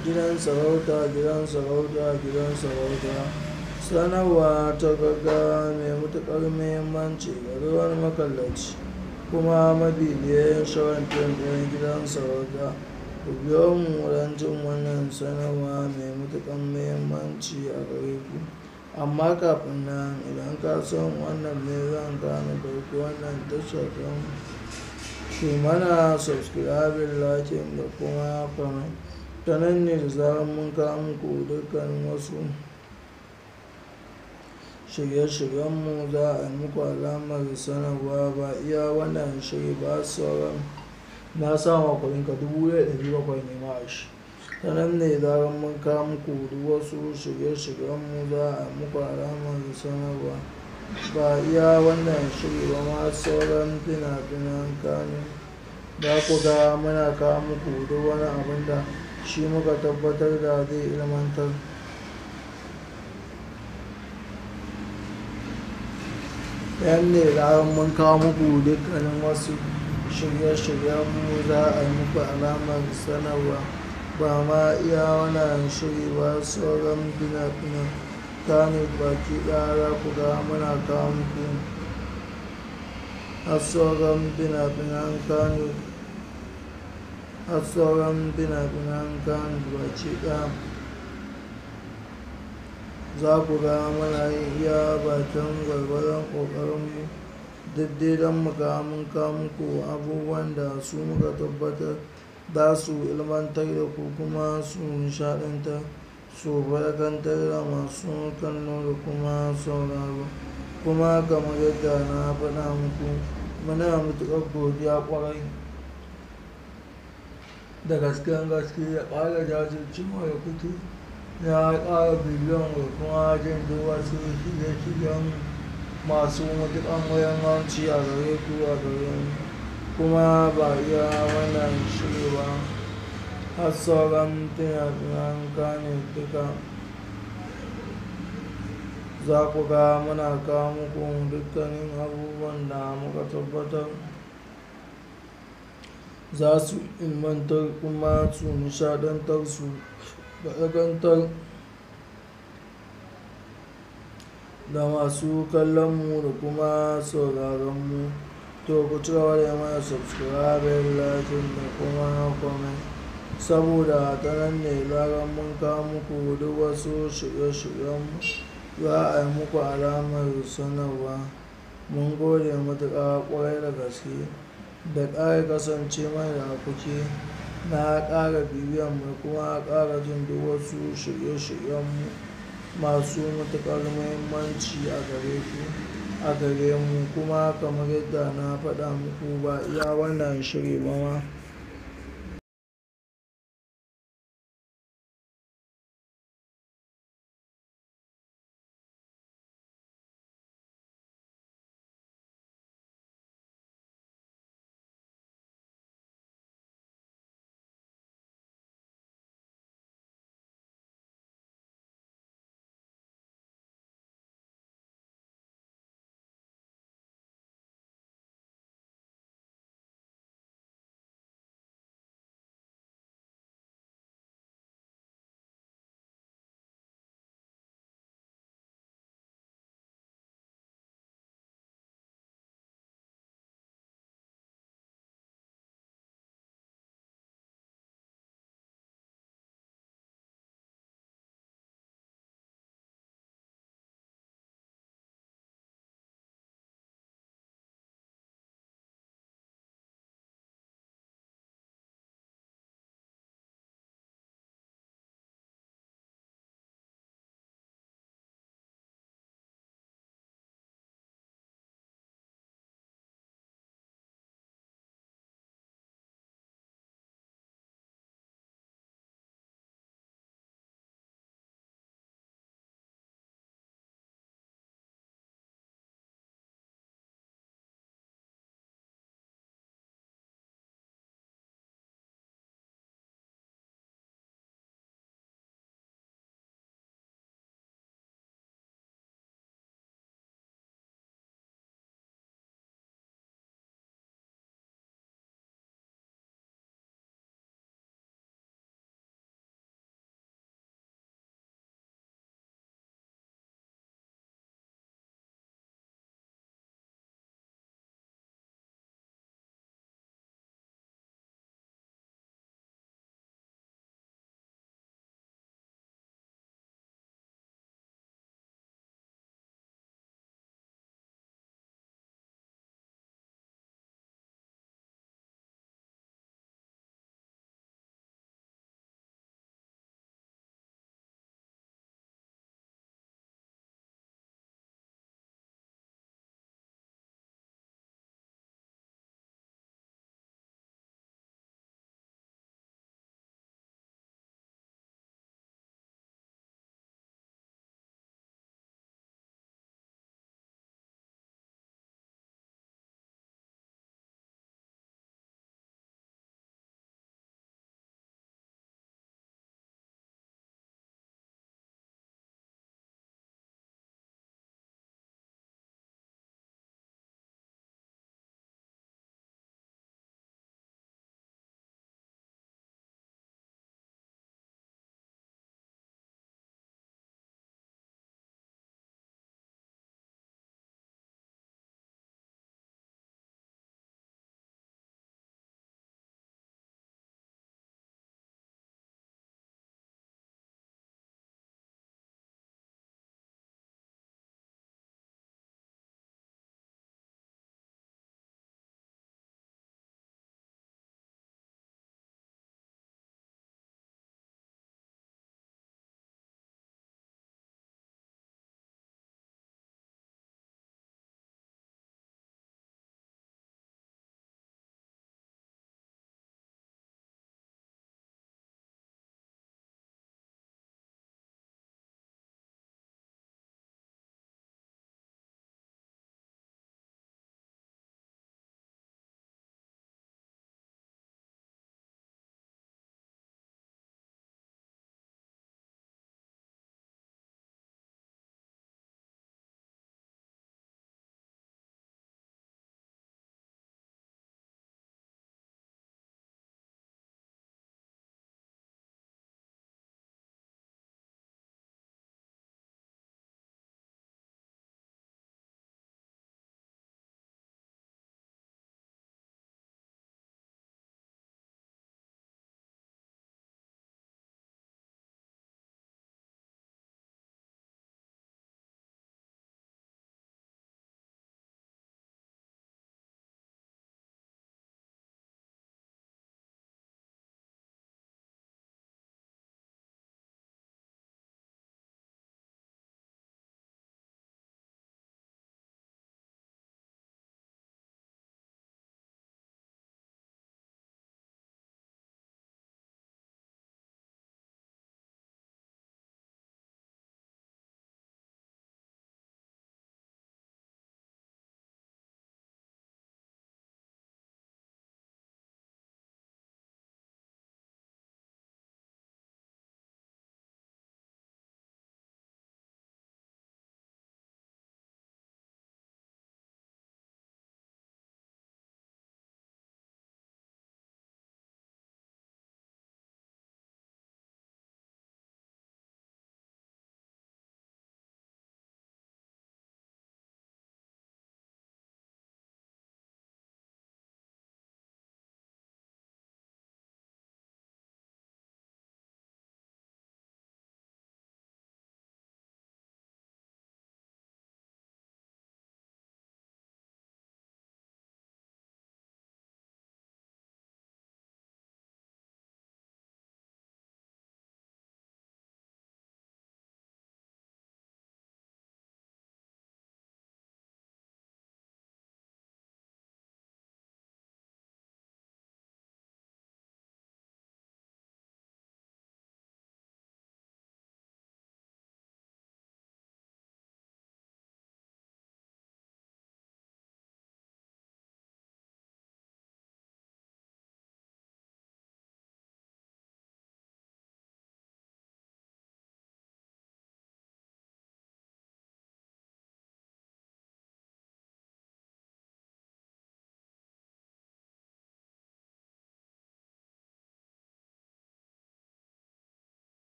gidan sarauta gidan sarauta gidan sarauta sanarwa ta gaga mai matuƙar muhimmanci ga ruwan makallaci kuma mabibiyan shawarar fim gidan sarauta ku biyo mu wurin jin wannan sanarwa mai matuƙar muhimmanci a gare ku amma kafin nan idan ka san wannan ne zan gane ɗauki wannan tashar don shi mana subscribe lakin da kuma comment ta nan ne za mun kawo muku dukkan wasu shirye-shiryenmu za a yi muku alamar sanarwa ba iya wannan shiri ba sauran na sama kwalinka dubu ɗaya biyu bakwai ne ma shi ta nan ne za mun kawo muku duk wasu shirye-shiryenmu za a yi muku alamar sanarwa ba iya wannan shiri ba ma sauran fina-finan kanu ba ku ga muna kawo muku duk wani abin da shi muka tabbatar da zai ilmantar yan ne ranar mun kawo muku dukkanin wasu shirye-shiryen mu za a yi muku alamar sanarwa ba ma iya wannan shiri ba sauran bina-binan ta ne baki ɗaya ku ga muna kawo muku a sauran bina-binan ta ne har sauran fina-finan ce ka za ku ga mana yi iya batun gwargwaron ƙoƙarinmu daidai don mu ga mun abubuwan da su muka tabbatar za su ilmantar da ku kuma su nishaɗanta su barkantar da masu kallo da kuma sauraro kuma kamar yadda na faɗa muku muna matuƙar godiya ƙwarai da gasken gaske ya ƙara jajircewa ya fito ya ƙara biliyan da kuma jin duk wasu shirye-shiryen masu matuƙan muhimmanci a gare ku a gare kuma ba iya wannan shiri ba har sauran tunan kane duka za ku ga muna kawo muku dukkanin abubuwan da muka tabbatar za su ilmantar kuma su nishadantar su da masu kallon mu da kuma mu to ku ci gaba da mana subscribe lakin da kuma kwamen saboda ta nan ne zaran mun kawo muku duk wasu shirye-shiryenmu za a yi muku alamar sanarwa mun gode matuƙa ƙwarai da gaske da ƙara kasance mai da na ƙara bibiyar mu kuma ƙara jin duk wasu shirye shiryen masu matuƙar muhimmanci a gare ku. a gare mu kuma kamar yadda na faɗa muku ba iya wannan shiri ba ma